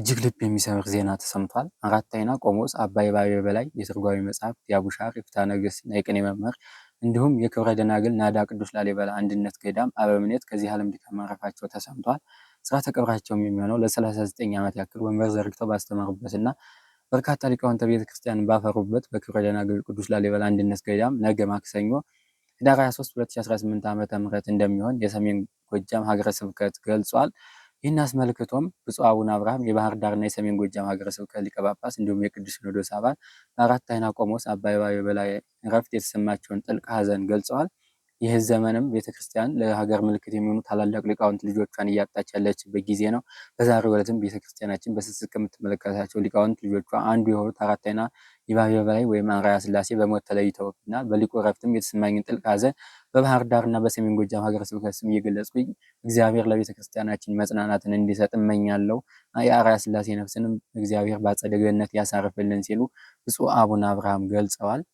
እጅግ ልብ የሚሰብር ዜና ተሰምቷል! አራት አይና ቆሞስ አባይ ይባቤ በላይ የተርጓሚ መጽሐፍ፣ የአቡሻር የፍትሐ ነገሥትና የቅኔ መምህር እንዲሁም የክብረ ደናግል ናዳ ቅዱስ ላሊበላ አንድነት ገዳም አበምኔት ከዚህ ዓለም ድካም ማረፋቸው ተሰምቷል። ሥርዓተ ቀብራቸውም የሚሆነው ለ39 ዓመት ያክል ወንበር ዘርግተው ባስተማሩበትና በርካታ ሊቃውንተ ቤተ ባፈሩበት በክብረ ደናግል ቅዱስ ላሊበላ አንድነት ገዳም ነገ ማክሰኞ ህዳር 23 2018 ም እንደሚሆን የሰሜን ጎጃም ሀገረ ስብከት ገልጿል። ይህን አስመልክቶም ብፁዕ አቡነ አብርሃም የባህር ዳርና የሰሜን ጎጃም ሀገረ ስብከት ሊቀ ጳጳስ እንዲሁም የቅዱስ ሲኖዶስ አባል በአራት አይና ቆሞስ አባይ ይባቤ በላይ እረፍት የተሰማቸውን ጥልቅ ሐዘን ገልጸዋል። ይህ ዘመንም ቤተክርስቲያን ለሀገር ምልክት የሚሆኑ ታላላቅ ሊቃውንት ልጆቿን እያጣች ያለችበት ጊዜ ነው። በዛሬው ዕለትም ቤተክርስቲያናችን በስስት ከምትመለከታቸው ሊቃውንት ልጆቿ አንዱ የሆኑት አራት አይና ይባቤ በላይ ወይም አንራያ ስላሴ በሞት ተለይተው እና በሊቁ ዕረፍትም የተሰማኝን ጥልቅ ሐዘን በባህር ዳር እና በሰሜን ጎጃም ሀገረ ስብከት ስም እየገለጽኩኝ እግዚአብሔር ለቤተ ክርስቲያናችን መጽናናትን እንዲሰጥ እመኛለሁ። የአንራያ ስላሴ ነፍስንም እግዚአብሔር በአጸደ ገነት ያሳርፍልን ሲሉ ብፁዕ አቡነ አብርሃም ገልጸዋል።